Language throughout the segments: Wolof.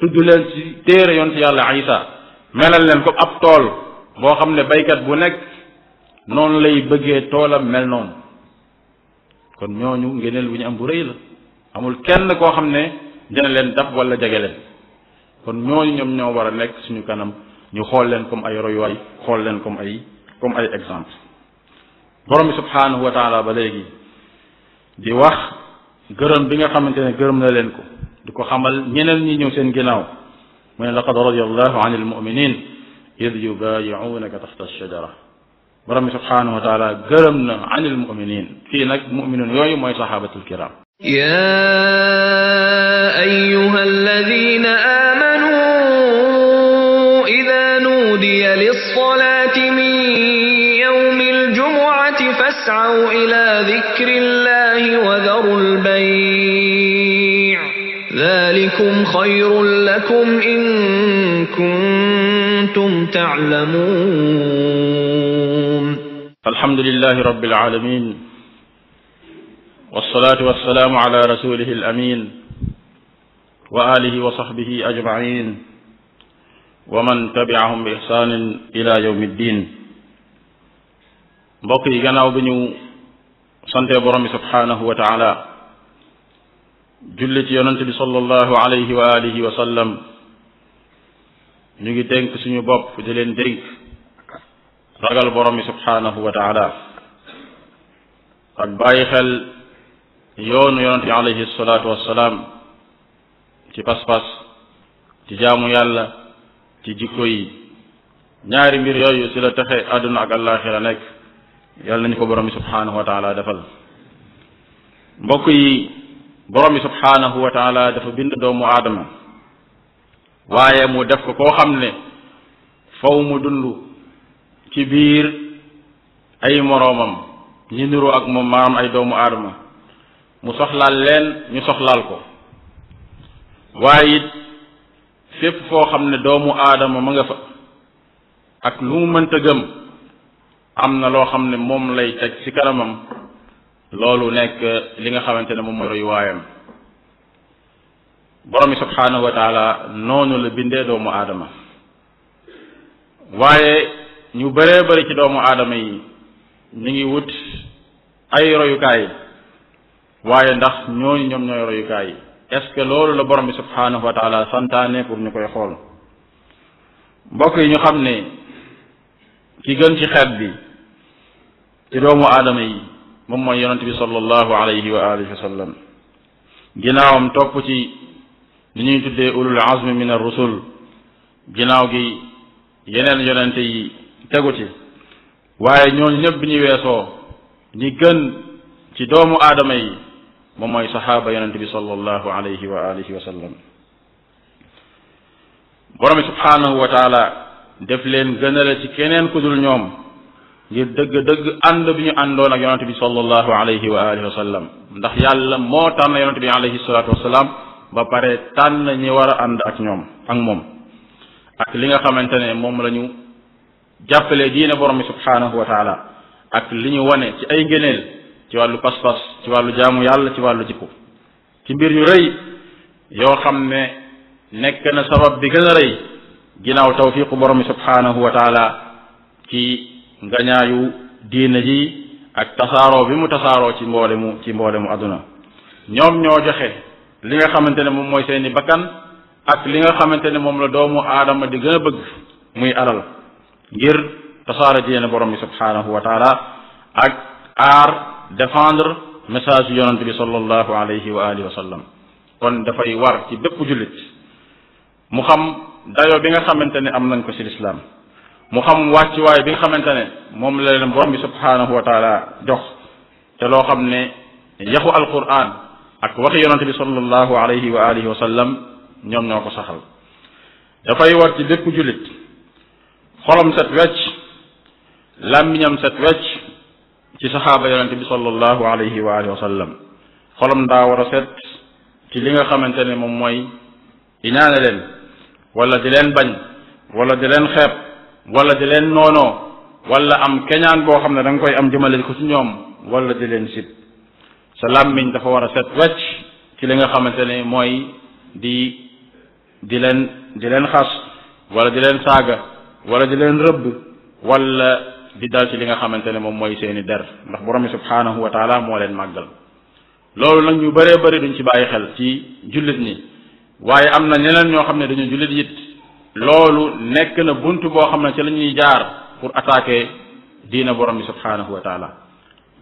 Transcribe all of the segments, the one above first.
tudd leen ci téere yoon ci yàlla Isa melal leen ko ab tool boo xam ne baykat bu nekk noonu lay bëggee toolam mel noonu kon ñooñu ngeneel bu ñu am bu rëy la amul kenn koo xam ne dina leen dab walla jege leen kon ñooñu ñoom ñoo war a nekk suñu kanam ñu xool leen comme ay royuwaay xool leen comme ay comme ay exemple borom bi subhaanahu ba léegi di wax gërëm bi nga xamante ne gërëm na leen ko di ko xamal ñeneen ñi ñëw seen ginnaaw mu ne laqad radiyallahu anil mu'minin id yubayi'unaka taxta ash-shajara borom bi subhanahu wa taala gërëm na anil mu'minin fii nag mu'minin yooyu mooy saxaabatul kiram ya ayyuha alladina خير لكم إن كنتم تعلمون الحمد لله رب العالمين والصلاة والسلام على رسوله الأمين وآله وصحبه أجمعين ومن تبعهم بإحسان إلى يوم الدين mbokk yi gannaaw bi ñu sante borom bi subhaanahu wa taala julli ci yonent bi sallallahu wa alihi wa ngi dénk suñu bopp di leen ragal borom bi subhaanahu wa taala ak bàyyi xel yoonu yonent bi alayhi salaatu wassalaam ci pas-pas ci jaamu yàlla ci jikko yi ñaari mbir yooyu ci la texe àdduna ak àllaaxira nekk yàlla nañu ko borom bi subhaanahu wa taala defal mbokk borom bi subhaanahu wa taala dafa bind doomu aadama waaye mu def ko koo xam ne fow mu dund ci biir ay moroomam ñu niroo ak moom maam ay doomu aadama mu soxlaal leen ñu soxlaal ko waaye it fépp foo xam ne doomu aadama ma nga fa ak lu mu mënta gëm am na loo xam ne moom lay teg ci kanamam loolu nekk li nga xamante ne moom mooy royu borom bi subhaanahu wa taala noonu la bindee doomu aadama waaye ñu bëree bëri ci doomu aadama yi ñu ngi wut ay royukaay waaye ndax ñooñu ñoom ñooy royukaay est-ce que loolu la borom bi subhaanahu wa taala santaane pour ñu koy xool mbokk yi ñu xam ne ki gën ci xeet bi ci doomu aadama yi moom mooy yonent bi sallallahu alayhi wa alihi wa sallam ginnaawam topp ci li ñuy tuddee ulul azmi min ar rusul ginnaaw gi yeneen yonente yi tegu ci waaye ñooñu ñëpp bi ñu weesoo ñi gën ci doomu aadama yi moom mooy saxaaba yonente bi sallallahu alayhi wa alihi wa sallam borom bi subhaanahu wa taala def leen gënale ci keneen ku dul ñoom ngir dëgg-dëgg ànd bi ñu àndoon ak yonante bi sallallahu alayhi wa alihi wa sallam ndax yàlla moo tànn yonante bi alayhi salatu wasalaam ba pare tànn ñi war a ànd ak ñoom ak moom ak li nga xamante ne moom la ñu jàppalee diine borom bi subhaanahu wa taala li ñu wane ci ay ngëneel ci wàllu pas-pas ci wàllu jaamu yàlla ci wàllu jikko ci mbir yu rëy yoo xam ne nekk na sabab bi gën a rëy ginnaaw tawfiqu borom bi subhaanahu ci ngañaayu diine ji ak tasaaroo bi mu tasaaroo ci mboole mu ci mboole mu àdduna ñoom ñoo joxe li nga xamante ne moom mooy seeni bakkan ak li nga xamante ne moom la doomu aadama di gën a bëgg muy alal ngir tasaara diine borom bi subhaanahu wa taala ak aar défendre message yonante bi sallallahu alayhi wa alihi wa sallam kon dafay war ci bépp jullit mu xam dayo bi nga xamante ne am nañ ko ci lislaam mu xam wàccuwaay bi nga xamante ne moom la leen borom bi subhaanahu wa taala jox te loo xam ne yaxu alquran ak waxi yonante bi sallallahu alayhi wa alihi wa sallam ñoom ñoo ko saxal dafay war ci bépp jullit xolam set wecc làmmiñam set wecc ci saxaaba yonante bi sallallahu alayhi wa alihi wa sallam xolam daa war a set ci li nga xamante ne moom mooy inaane leen wala di leen bañ wala di leen xeeb wala di leen noonoo wala am keñaan boo xam ne danga koy am jëmale ko ci ñoom walla di leen sit sa làmmiñ dafa war a set wecc ci li nga xamante ne mooy di di leen di leen wala di leen wala di leen rëbb wala di dal ci li nga xamante ne moom mooy seeni der ndax borom bi subhaanahu wa moo leen màggal loolu nag ñu bëree bëri duñ ci ay xel ci jullit ñi waaye am na ñeneen ñoo xam ne dañu jullit yit loolu nekk na bunt boo xam ne ci la ñuy jaar pour attaquer diina borom bi subhanahu wa taala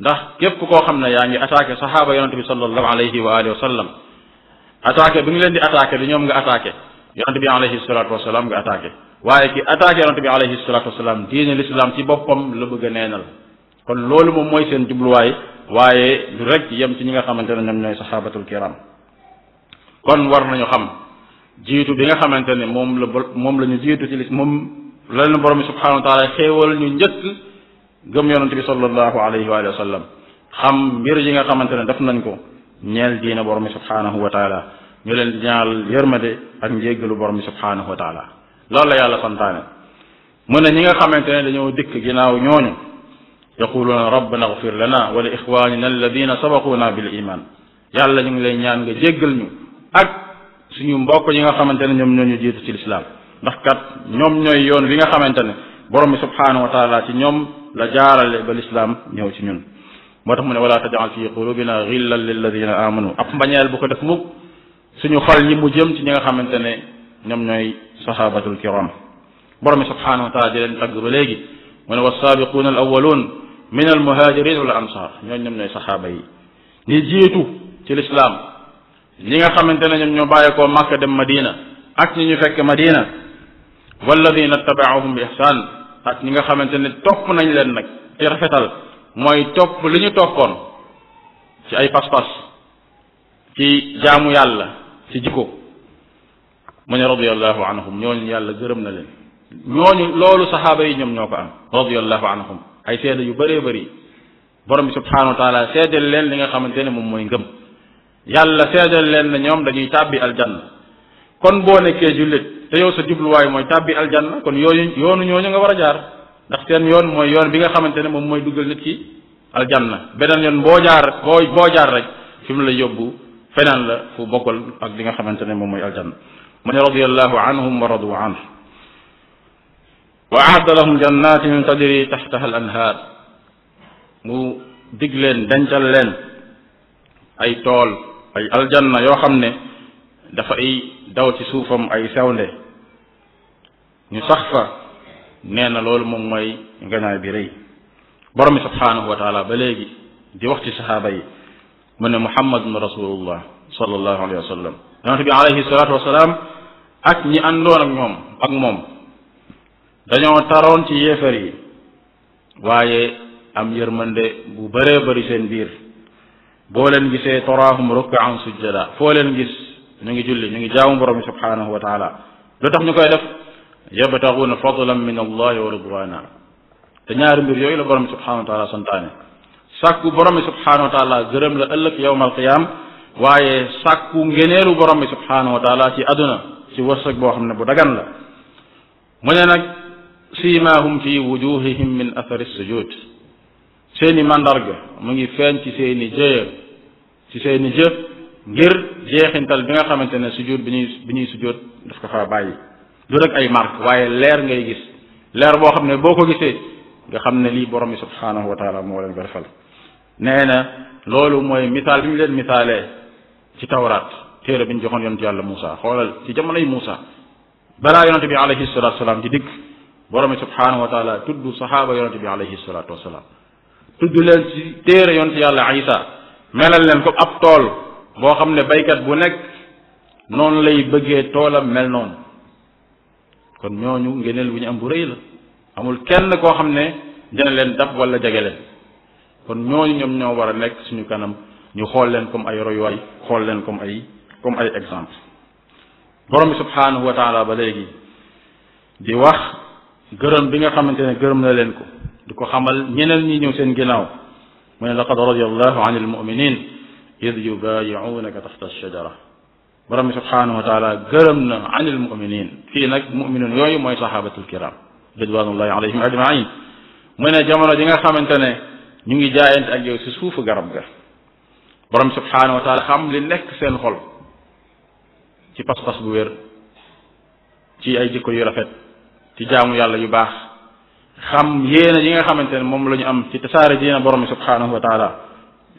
ndax képp koo xam ne yaa ngi attaqué saxaaba yonente bi sallallahu alayhi wa alihi wa sallam attaqué bi leen di attaqué di ñoom nga attaqué yonente bi alayhi salatu wasalaam nga attaqué waaye ki attaqué yonente bi alayhi salatu wasalaam diine l'islam ci boppam la bëgg a neenal kon loolu moom mooy seen jubluwaay waaye du rek yem ci ñi nga xamante ne ñoom ñooy saxaabatul kiram kon war nañu xam jiitu bi nga xamante ne moom la moom la ñu jiitu ci lis moom la leen borom bi subhanahu wa taala xéewal ñu njëkk gëm yonante bi sallallahu alayhi wa sallam xam mbir yi nga xamante ne def nañ ko ñeel diine borom bi subhanahu wa taala ñu leen ñaal yërmade ak njéggalu borom bi subhanahu wa taala loolu la yàlla santaane mu ne ñi nga xamante ne dañoo dikk ginnaaw ñooñu yaquluuna rabbana agfir lana wa li ixwanina alladina sabaquuna bil iman yàlla ñu ngi lay ñaan nga jéggal ñu ak suñu mbokk yi nga xamante ne ñoom ñoo ñu jiitu ci lislaam ndax kat ñoom ñooy yoon wi nga xamante ne borom bi subhaanahu wa taala ci ñoom la jaarale ba lislaam ñëw ci ñun moo tax mu ne wala tajal fi qulubina xillan lilladina amanu ab mbañeel bu ko def mukk suñu xol yi mu jëm ci ñi nga xamante ne ñoom ñooy sahabatul kiram borom bi subhaanahu wa taala di leen tagg ba léegi mu ne wasaabiquuna al awalun min al muhajirin wal ansar ñooñu ñoom ñooy saxaaba yi ñi jiitu ci lislaam ñi nga xamante ne ñoom ñoo bàyyeekoo Màkka dem Madina ak ñi ñu fekk Madina walladina tabaahum bi ihsaan ak ñi nga xamante ne topp nañ leen nag ci rafetal mooy topp li ñu toppoon ci ay pas-pas ci jaamu yàlla ci jikko mu ne radiallahu anhum ñooñu yàlla gërëm na leen ñooñu loolu saxaaba yi ñoom ñoo ko am radiallahu anhum ay seede yu bëree bëri borom bi subhanahu wa taala leen li nga xamante ne moom mooy ngëm yàlla seedal leen ne ñoom dañuy tàbbi aljanna kon boo nekkee jullit te yow sa jubluwaay mooy tàbbi aljanna kon yooyu yoonu ñooñu nga war a jaar ndax seen yoon mooy yoon bi nga xamante ne moom mooy duggal nit ki aljanna beneen yoon boo jaar boo boo jaar rek fi mu la yóbbu feneen la fu bokkal ak bi nga xamante ne moom mooy aljanna mu ne radiallahu anhum wa radu anhu wa ahda lahum jannatin tajri taxtaha al anhaar mu dig leen dencal leen ay tool ay aljanna yoo xam ne dafa dafay daw ci suufam ay sewnde ñu sax fa nee na loolu moom mooy ngañaay bi rëy borom bi subhaanahu wa taala ba léegi di wax ci saxaaba yi mu ne muhammadun rasulullah sallallahu alayhi wa sallam yonente bi alayhi salaatu wasalaam ak ñi àndoon ak moom dañoo taroon ci yéefar waaye am yërmande bu bare bëri seen biir boo leen gisee toraahum rukkaan sujjada foo gis ñu ngi julli ñu ngi jaamu borom bi subhanahu wa taala lu tax ñu koy def yabtaxuuna fadlan min allahi wa ridwana te ñaari bi yooyu la borom bi subhanahu wa taala santaane sàkku borom bi subhanahu wa taala gërëm la ëllëg yowm alqiyam waaye sàkku ngeneelu borom bi subhanahu wa taala ci àdduna ci wërsëg boo xam ne bu dagan la mu ne nag siimaahum fi wujuhihim min athari sujud seeni màndarga mu ngi feeñ ci seeni jëye ci seeni jë ngir jeexintal bi nga xamante ne sujjóot bi ñuy bi ñuy sujjóot daf ko faa bàyyi du rek ay marque waaye leer ngay gis leer boo xam ne boo ko gisee nga xam ne lii borom bi subhaanahu wa taala moo leen ko defal nee na loolu mooy misaal bi ñu leen misaalee ci tawraat téere bi ñu joxoon yonent yàlla Moussa xoolal ci jamonoy Moussa balaa yonent bi alayhi salaatu wasalaam di dikk borom bi subhaanahu wa taala tudd saxaaba yonent bi alayhi salaatu wasalaam tudd leen ci téere yonent yàlla Isa melal leen ko ab tool boo xam ne baykat bu nekk noonu lay bëggee toolam mel noonu kon ñooñu ngeneel bu ñu am bu rëy la amul kenn koo xam ne dina leen dab wala jege leen kon ñooñu ñoom ñoo war a nekk suñu kanam ñu xool leen comme ay royuwaay xool leen comme ay comme ay exemple borom bi subhaanahu wa ba léegi di wax gërëm bi nga xamante ne gërëm na leen ko di ko xamal ñeneen ñi ñëw seen ginnaaw mu ne laqad radiyallahu an almuminin id yubayiunaka taxta alshajara borom bi subhanahu wa taala gërëm na an almuminin fii nag muminoon yooyu mooy sahabatul kiram ridwanullahi alayhim ajmain mu ne jamono ji nga xamante ne ñu ngi jaayante ak yow si suufu garab ga borom subhanahu wa taala xam li nekk seen xol ci pas-pas bu wér ci ay jikko yu rafet ci jaamu yàlla yu baax xam yéena yi nga xamante ne moom la ñu am ci tasaare diina borom bi subhaanahu wa taala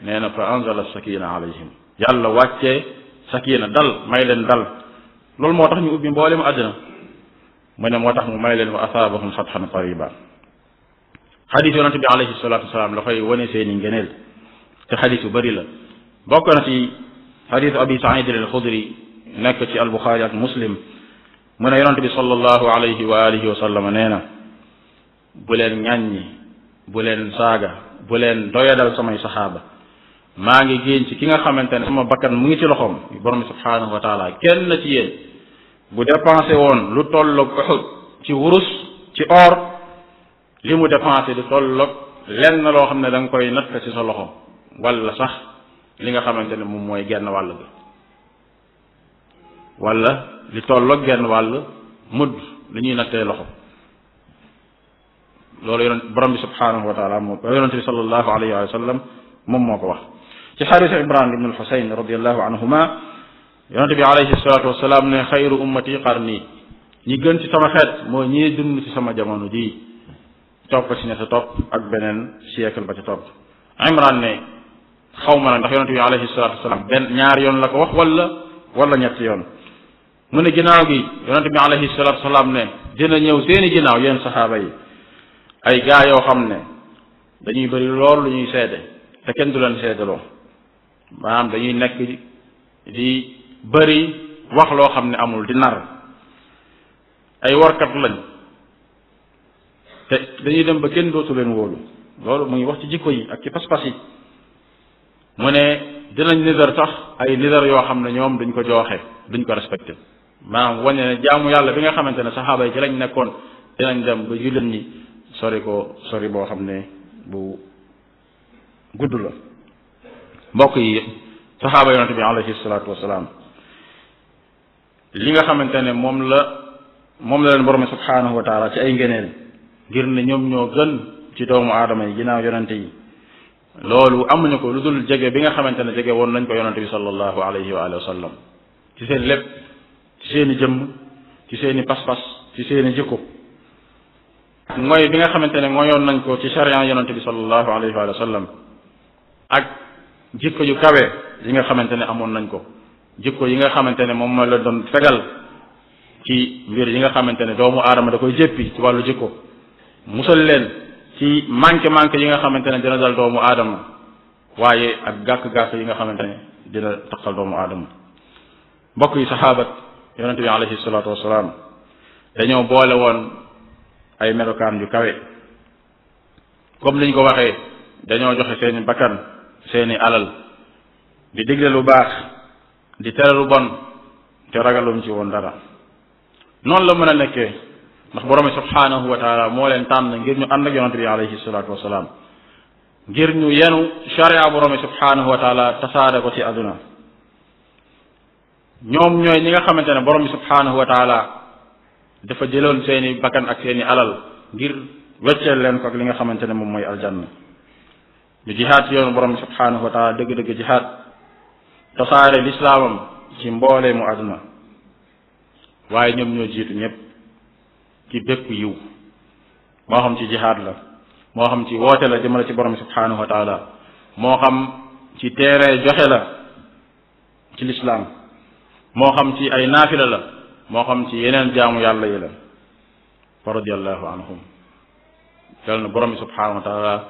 nee na fa anzala sakina alayhim yàlla wàccee sakina dal may leen dal loolu moo tax ñu ubbi mboole mu àddina mu ne moo tax mu may leen wa asaabahum fathan qariba xadis yonent bi alayhi salaatu wasalaam la koy wane seeni ngeneel te xadis yu bëri la bokk na ci xadisu abi saïd al xudri nekk ci albuxaari ak muslim mu ne yonent bi sallallahu alayhi wa alihi wa sallam nee na bu leen ŋàññi bu leen saaga bu leen doyadal samay saxaaba maa ngi génn ci ki nga xamante ne sama bakkan mu ngi ci loxoom borom subhaanahu wa taala kenn ci yéen bu dépensé woon lu tolloog Uhud ci wurus ci or li mu dépensé du tolloog lenn loo xam ne danga nga koy natt ci sa loxo wala sax li nga xamante ne moom mooy genn wàll bi wala li tolloog genn wàll mudd li ñuy nattee loxo loolu yonent borom bi subhaanahu wa taala moom yonente bi sallallahu alayhi wa sallam moom moo ko wax ci xaarisa imran ibn alxusayn radiallahu anhuma yonente bi alayhi salatu wasalaam ne xayru ummati qarni ñi gën ci sama xeet mooy ñii dund ci sama jamono jii topp ci ne sa topp ak beneen siècle ba ca topp imran ne xaw ma nag ndax yonente bi alayhi salatu wasalaam benn ñaar yoon la ko wax wala wala ñett yoon mu ne ginnaaw gi yonente bi alayhi salatu wasalaam ne dina ñëw seeni ginnaaw yéen saxaaba yi ay gaa yoo xam ne dañuy bëri lool lu ñuy seede te kenn du leen seedeloo maanaam dañuy nekk di bëri wax loo xam ne amul di nar ay warkat lañ te dañuy dem ba kenn dootu leen wóolu loolu mu ngi wax ci jikko yi ak ci pas-pas yi mu ne dinañ nidar sax ay nidar yoo xam ne ñoom dañ ko jooxe duñ ko respecté maanaam wañe ne jaamu yàlla bi nga xamante ne saxaaba yi ci lañ nekkoon dinañ dem ba jullit ñi sori ko sori boo xam ne bu gudd la mbokk yi saxaaba yonente bi alayhi salaatu wasalaam nga xamante ne moom la moom la leen borom subhaanahu wa ci ay ngeneel ngir ne ñoom ñoo gën ci doomu aadama yi ginnaaw yonente yi loolu amuñu ko lu dul jege bi nga xamante ne jege woon nañ ko yonente bi sallallahu alayhi wa alihi wa sallam ci seen lépp ci seen i jëmm ci seen pas-pas ci seen jikko mooy bi nga xamante ne mooyoon nañ ko ci sariya yonente bi sallallahu alayhi ak jikko yu kawe yi nga xamante ne amoon nañ ko jikko yi nga xamante ne moom mooy la doon fegal ci mbir yi nga xamante ne doomu aadama da koy jéppi ci wàllu jikko leen ci manqué manqué yi nga xamante ne dina dal doomu aadama waaye ak gàkk-gàkk yi nga xamante ne dina taqal doomu aadama mbokk yi saxaabat yonente bi alayhi salaatu wasalaam dañoo boole woon ay melokaan yu kawe comme liñ ko waxee dañoo joxe seeni bakkan seeni alal di digle lu baax di tere lu bon te ragalum ci woon dara noonu la mën a nekkee ndax borom subhanahu wa moo leen tànn ngir ñu ànd ak yonante bi alayhi salaatu wasalaam ngir ñu yenu sharia borom subhanahu wa tasaare ko ci àdduna ñoom ñooy ñi nga xamante ne borom subhanahu wa dafa jëloon seeni bakkan ak seeni alal ngir wecceel leen ko ak li nga xamante ne moom mooy aljanna ñu jihaat yoonu borom bi subhaanahu wa taala dëgg-dëgg jihaat tasaare lislaamam ci mboolee mu àdduna waaye ñoom ñoo jiitu ñëpp ci bépp yiw moo xam ci jihaat la moo xam ci woote la jëmale ci borom bi subhaanahu wa moo xam ci teere joxe la ci lislaam moo xam ci ay naafila la moo xam ci yeneen jaamu yàlla yi la fa radiallahu anhum yàlla na borom bi subhanahu wa taala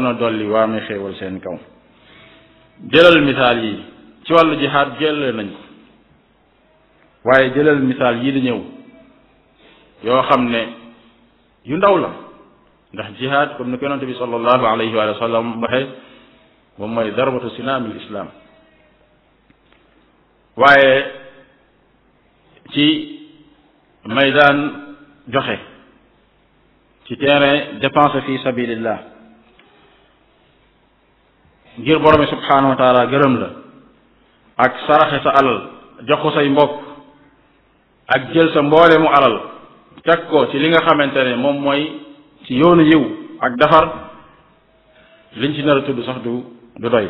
na a dolli waa mi xéewal seen kaw jëlal misaal yi ci wàllu jihaad jëlale nañ waaye jëlal misaal yi di ñëw yoo xam ne yu ndaw la ndax jihaad comme ni ko yonente bi sallallahu alayhi wa sallam waxee moom mooy darbatu sinaamil islam waaye ci may daan joxe ci terrain dépense fi sabilillah ngir borom subhanahu wa taala gërëm la ak saraxe sa alal jox ko say mbokk ak jël sa mboole mu alal teg ko ci li nga xamante ne moom mooy ci yoonu yiw ak defar liñ ci nara tudd sax du du doy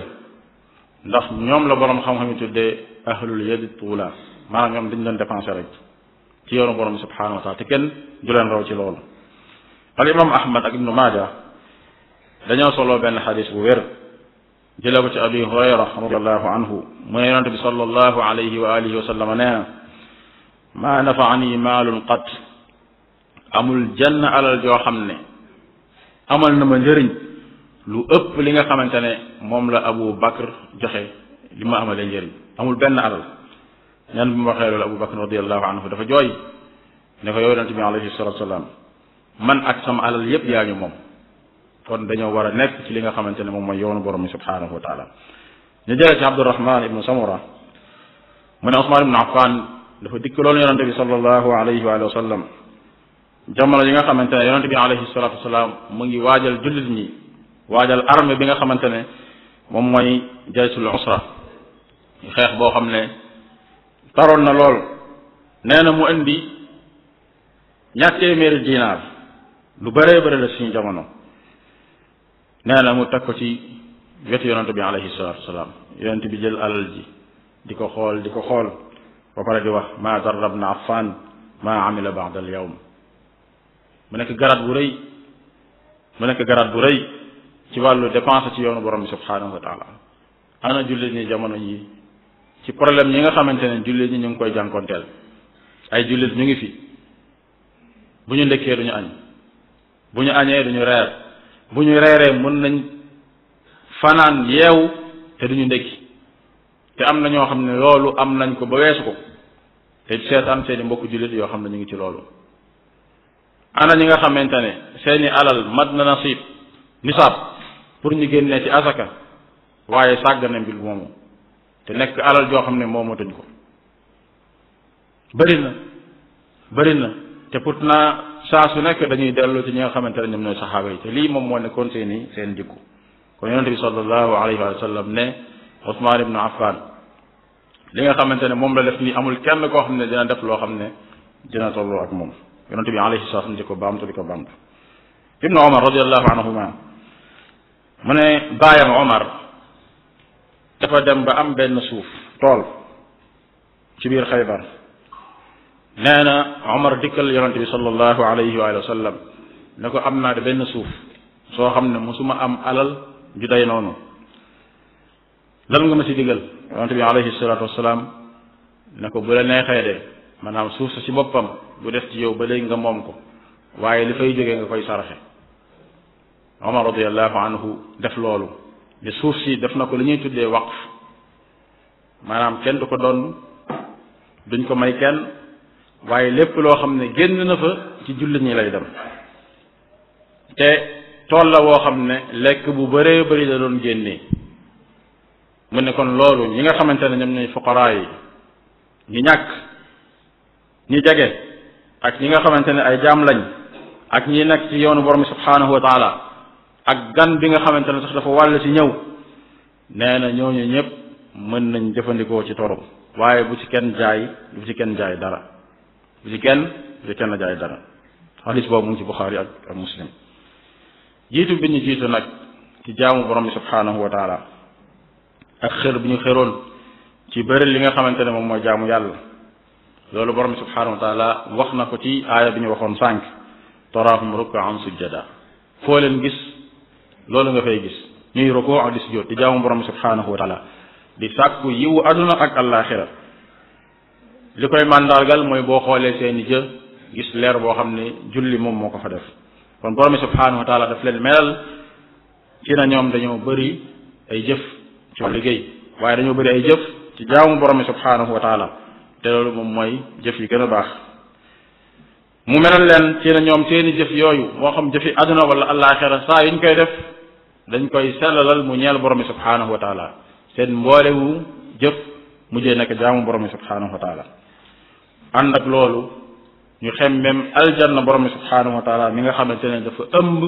ndax ñoom la borom xam-xam yi ahlul yadi tuula maanaam ñoom dañ doon dépensé rek ci yoonu borom subhanahu wa taala te kenn du leen raw ci loolu al imam ahmad ak ibnu maaja dañoo soloo benn xadis bu wér jëlee ko ci abi hurayra radiallahu anhu mu ne yonente bi sallallahu alayhi wa alihi wa sallama nee na maa nafaani maalun qat amul jenn alal joo xam ne amal na ma njëriñ lu ëpp li nga xamante ne moom la abu bakr joxe li ma amalee njëriñ amul benn alal neen bu mu waxee loolu Abu Bakr radiallahu anhu dafa jooy ne ko yow yonente bi alayhi salatu salaam man ak sama alal yépp yaa ñu moom kon dañoo war a nekk ci li nga xamante ne moom mooy yoonu borom mi subhanahu wa taala ñu jëlee ci Abdurahman ibnu Samura mu ne Ousmane ibnu Affan dafa dikk loolu yonente bi sallallahu alayhi wa sallam jamono yi nga xamante ne yonente bi alayhi salatu wasalaam mu ngi waajal jullit ñi waajal armée bi nga xamante ne moom si jaysul usra xeex boo xam ne taroon na lool nee na mu indi ñaar téeméeri dinaar lu bëree bëri la suñu jamono nee na mu teg ko ci wetu yonent bi alayhi salaatu salaam yonent bi jël alal ji di ko xool di ko xool ba pare di wax maa darra bna affan maa amila baada al yawm mu nekk garaat bu rëy mu nekk garaat bu rëy ci wàllu dépense ci yoonu borom bi subhaanahu wa taala ana jullit ñi jamono yi ci problème ñi nga xamante ne jullit ñi ñu ngi koy jànkonteel ay jullit ñu ngi fi bu ñu ndekkee duñu añ bu ñu añee duñu reer bu ñu reeree mën nañ fanaan yeewu te duñu ndekki te am na ñoo xam ne loolu am nañ ko ba weesu ko te seetaan seeni mbokku jullit yoo xam ne ñu ngi ci loolu ana ñi nga xamante ne seeni alal mat na nasib nisaab pour ñu génnee ci asaka waaye sàgg sàggane mbir moomu te nekk alal joo xam ne moo mootuñ ko bëri na bëri na te pourtant saa su nekk dañuy dellu ci ñi nga xamante ne ñoom ñooy saxaaba yi te lii moom moo nekkoon seen i seen jikko kon yonente bi sallallahu alayhi wa sallam ne Ousmane ibnu Affan li nga xamante ne moom la def nii amul kenn koo xam ne dina def loo xam ne dina tolloo ak moom yonente bi alayhi salaam di ko baamtu di ko baamtu ibnu Omar radiallahu anhuma mu ne baayam Omar dafa dem ba am benn suuf tool ci biir xaybar nee na omar dikkal yonante bi sallallahu alayhi wa sallam ne ko am naa benn suuf soo xam ne mosuma am alal ju day noonu lan nga ma ci digal yonante bi alayhi salaatu wasalaam ko bu la neexee maanaam suuf sa si boppam bu def ci yow ba léegi nga moom ko waaye li fay jógee nga koy saraxe omar radiallahu anhu def loolu ne suuf si def na ko li ñuy tuddee waqf maanaam kenn du ko donn duñ ko may kenn waaye lépp loo xam ne génn na fa ci jullit ñi lay dem te tool la woo xam ne lekk bu bëree bëri da doon génnee mu ne kon loolu ñi nga xamante ne ñoom ñooy fuqaraa yi ñi ñàkk ñi jege ak ñi nga xamante ne ay jaam lañ ak ñi nekk ci yoonu borom subhaanahu wa ak gan bi nga xamante ne sax dafa wàll ci ñëw nee na ñooñu ñëpp mën nañ jëfandikoo ci torom waaye bu ci kenn jaay bu ci kenn jaay dara bu ci kenn bu ci kenn jaay dara xadis boobu mu ci Buxaari ak muslim jiitu bi ñu jiitu nag ci jaamu borom bi subhaanahu wa ak xër bi ñu xëroon ci bëri li nga xamante ne moom mooy jaamu yàlla loolu borom bi subhaanahu wa wax na ko ci aaya bi ñu waxoon sànq taraahum rukaan sujjada foo leen gis loolu nga fay gis ñuy rukoo ak di sujjóot di jaamu borom bi subhaanahu wa di sàkku yiwu aduna ak allaaxira li koy màndargal mooy boo xoolee seeni jë gis leer boo xam ne julli moom moo ko fa def kon borom bi subhaanahu wa taala daf leen melal ci na ñoom dañoo bari ay jëf ci liggéey waaye dañoo bëri ay jëf ci jaamu borom bi subhaanahu te loolu moom mooy jëf yi gën a baax mu melal leen ci ne ñoom seeni jëf yooyu moo xam jëfi aduna wala allaaxira saa yuñ koy def dañ koy sellalal mu ñeel borom bi subhaanahu wa taala seen mboolewu jëf mujjee nekk jaamu borom bi subhaanahu wa taala ak loolu ñu xem même aljanna borom bi subhaanahu wa mi nga xamante ne dafa ëmb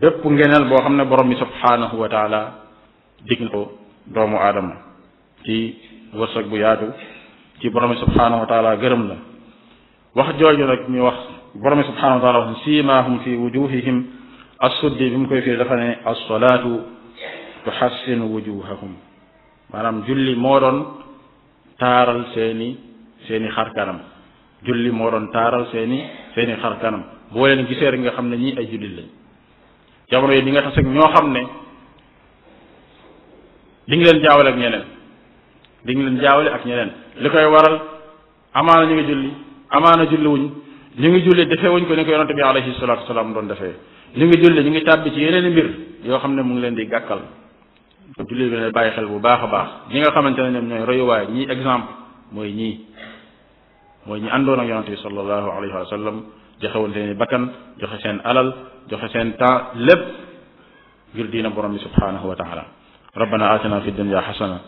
bépp ngeneel boo xam ne borom mi subhaanahu wa taala na ko doomu aadama ci wërsëg bu yaatu ci borom bi subhaanahu wa taala gërëm la wax jooju nag ñu wax borom bi subhaanahu wa taala simaahum fi wujuhihim assuddi bi mu koy firi dafa ne assolaatu tuhassinu wujuhahum maanaam julli moo doon taaral seeni seeni xar kanam julli moo doon taaral seeni seeni xarkanam kanam boo leen gisee rek nga xam ne ñii ay jullit lañ jamono yi di nga tas ñoo xam ne di nga leen jaawale ak ñeneen di nga leen jaawale ak ñeneen li koy waral amaana ñu ngi julli amaana julli wuñ ñu ngi julli defee wuñ ko ni ko yonante bi alayhi salaatu wasalaam doon defee ñu ngi julli ñu ngi tàbbi ci yeneen i mbir yoo xam ne mu ngi leen di gàkkal jullit bi ne bàyyi xel bu baax a baax ñi nga xamante ne ñoom ñooy royuwaay ñii exemple mooy ñii mooy ñi àndoon ak yonante bi sallallahu alayhi wa sallam joxewante ni bakkan joxe seen alal joxe seen temps lépp ngir diina borom bi subhanahu wa taala rabbana atina fi dunya xasana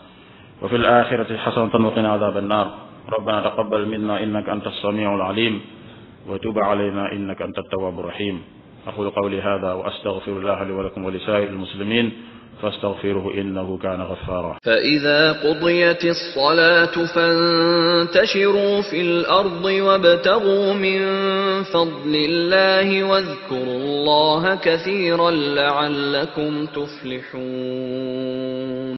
wa fi alaxirati xasanatan wa qina adab annar ربنا تقبل منا إنك أنت السميع العليم وتب علينا إنك أنت التواب الرحيم أقول قولي هذا وأستغفر الله لي ولكم ولسائر المسلمين فاستغفره إنه كان غفارا فإذا قضيت الصلاة فانتشروا في الأرض وابتغوا من فضل الله واذكروا الله كثيرا لعلكم تفلحون